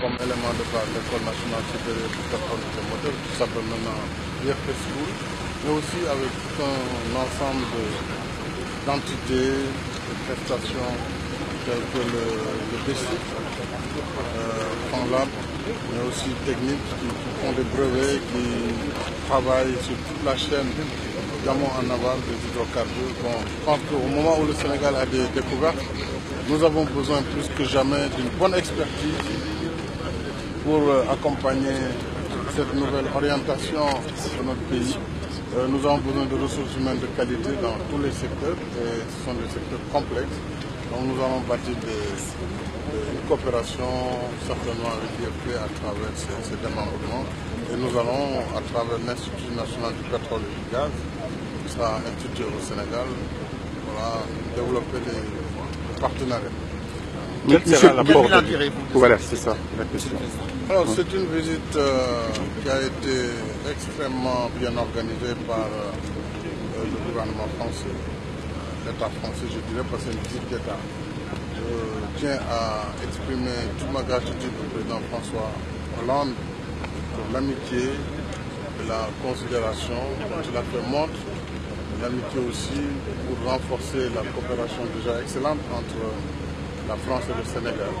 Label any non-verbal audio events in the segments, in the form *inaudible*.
comme élément de base l'école nationale supérieure de performance des moteurs qui s'appelle maintenant IFP mais aussi avec tout ensemble d'entités, de prestations telles le, le BESIC, euh, mais aussi techniques qui, font des brevets, qui travaillent sur toute la chaîne d'amont en aval des hydrocarbures. Bon, je moment où le Sénégal a des nous avons besoin plus que jamais d'une bonne expertise pour euh, accompagner cette nouvelle orientation de notre pays. Euh, nous avons besoin de ressources de qualité dans tous les secteurs et ce sont des secteurs complexes. Donc nous allons bâtir des, des, une coopération certainement avec l'IFP à travers ces, démembrements. Et nous allons, à travers l'Institut national du pétrole et du gaz, qui sera institué au Sénégal, développer des, des Quelle sera la porte c'est une visite euh, qui a été extrêmement bien organisée par euh, euh le gouvernement français, euh, l'État français, je dirais, parce que c'est une visite d'État. Je tiens à exprimer toute ma gratitude au président François Hollande pour l'amitié et la considération dont il a fait montre l'amitié aussi pour renforcer la coopération déjà excellente entre la France et le Sénégal.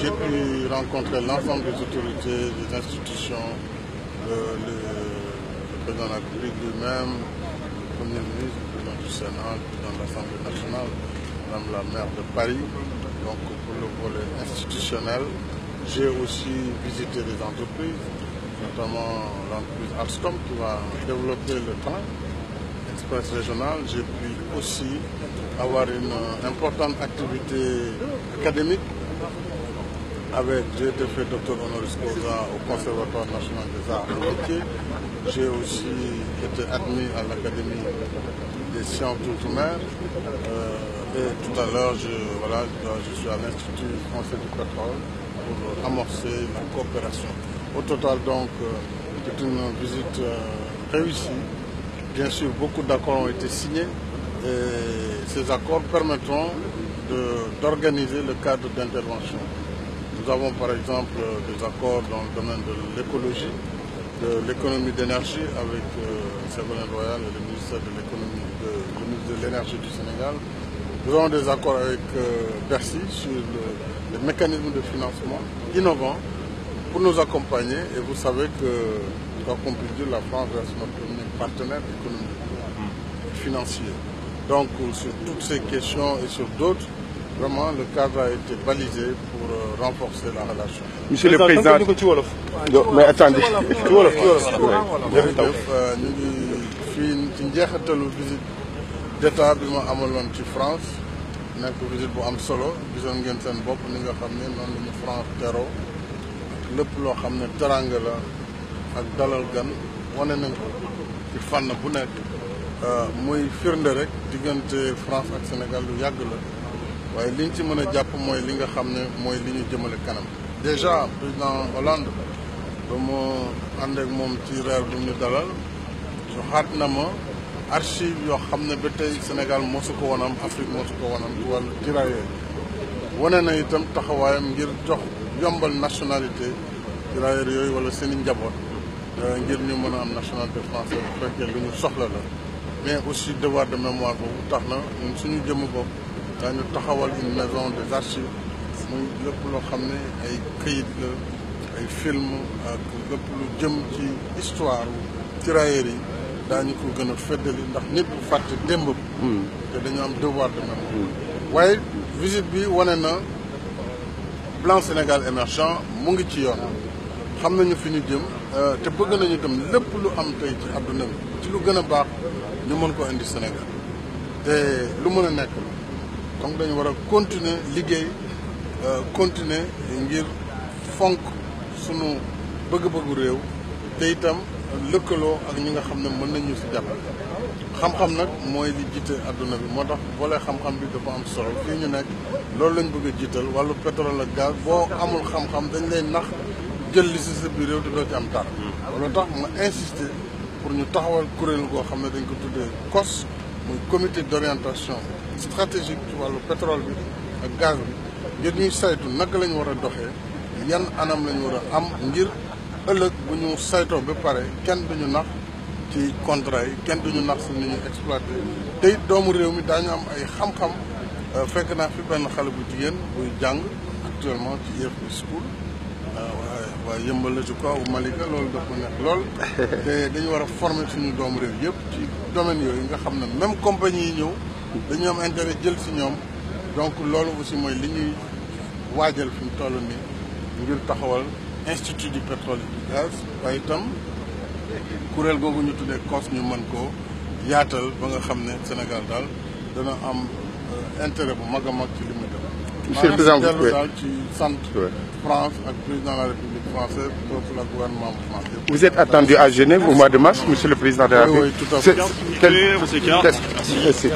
J'ai pu rencontrer l'ensemble des autorités, des institutions, le, le, le président de la République lui-même, le Premier ministre, le président du Sénat, le président de l'Assemblée nationale, Madame la maire de Paris. Donc pour le volet institutionnel, j'ai aussi visité des entreprises, notamment l'entreprise Alstom qui va développer le train. express régional, j'ai pu aussi avoir une euh, académique avec, j'ai été fait docteur honoris au Conservatoire national des arts et J'ai aussi été admis à l'Académie des sciences doutre euh, et tout à l'heure, je, suis à l'Institut français du pétrole pour amorcer la coopération. Au total, donc, euh, c'est une visite réussie Bien sûr, beaucoup d'accords ont été signés et ces accords permettront d'organiser le cadre d'intervention. Nous avons par exemple des accords dans le domaine de l'écologie, de l'économie d'énergie euh, de l'énergie du Sénégal. Nous avons des accords avec euh, Bercy sur les mécanismes de financement innovants pour nous accompagner et vous savez que, la compris la France reste notre premier économique, financier. Donc euh, sur toutes ces questions et sur d'autres, vraiment le cadre a été balisé pour euh, renforcer la relation. Monsieur le Président mais attendez ci wolof ci wolof jërëjëf euh, ñu ngi fii ci njeexitalu visite d'état bi ma amaloon ci France nekk bu am solo gisoon ngeen seen bopp ni nga xam ne noonu la France teroo lépp loo xam ne teranga la ak dalal gan wane nañ ko ci fànn bu nekk euh, muy firnde rek diggante France ak Sénégal lu yàgg la waaye liñ ci mën a jàpp mooy li nga xam ne mooy li ñu jëmale kanam déjà président Hollande ba mu moom ci reer bu ñu dalal joxaat na ma archive yoo xam ne ba tey Sénégal mosu ko woon am Afrique mosu ko woon am ci wàllu wane na itam taxawaayam ngir jox yombal nationalité tirailleurs yooyu wala seen i njaboot euh, ngir ñu mën a am nationalité française bu fekkee lu ñu soxla la mais aussi devoir de mémoire boobu tax na ñun suñu jëmm bopp daañu taxawal une maison des archives muy lépp loo xam ne ay këyit la ay film ak lépp lu jëm ci histoire tirailleurs yi daañu ko gën a feddali ndax nit bu fàtte démb hmm. te dañu am devoir de mémoire hmm. waaye visite bi wane na plan Sénégal émergent mu ngi ci yoon xam nañu fi ñu jëm euh, te bëgg nañu itam lépp lu am tey ci àdduna bi ci lu gën a baax ñu mën ko indi Sénégal te lu mën a nekk la donc dañu war a continuer liggéey euh, continuer ngir fonk sunu bëgg-bëggu réew te itam lëkkaloo ak ñi nga xam ne mën nañu si jàppale xam-xam nag mooy li jiite àdduna bi moo tax volet xam-xam bi dafa am solo fii ñu nekk loolu lañ bëgg a jiital wàllu pétrole ak gaz boo amul xam-xam dañ lay nax jël li si sa biir réew doo ci am tar loolu tax ma insister pour ñu taxawal kuréel goo xam ne dañ ko tuddee COS muy comité d'orientation stratégique ci wàllu pétrole bi ak gaz bi ngir ñuy saytu naka la ñu war a doxee yan anam la ñu war a am ngir ëllëg bu ñu saytoo ba pare kenn duñu nax ci contrat yi kenn duñu nax si ni ñu exploité te doomu réew mi daañu am ay xam-xam euh, fekk naa fi benn xale bu jigéen buy jàng actuellement ci IEF school euh, waaye waaye yëmbal na ci kaw Malika loolu daf ma nekk lool *laughs* te dañu war a former suñu doomu réew yëpp ci domaine yooyu nga xam ne même compagnie yi ñëw dañu am intérêt jël si ñoom donc loolu aussi mooy li ñuy waajal fi mu toll nii ngir taxawal institut du pétrole et du gaz waaye itam kuréel googu ñu tuddee COS ñu man ko yaatal ba nga xam ne Sénégal daal dana am euh, intérêt bu mag a mag ci li muy def. monsieur le président dellu daal ci sant France ak président de la République française foofu la gouvernement vous êtes attendu à Genève au mois de mars monsieur le président de la République. oui oui tout à fait. Quel... Merci. Merci.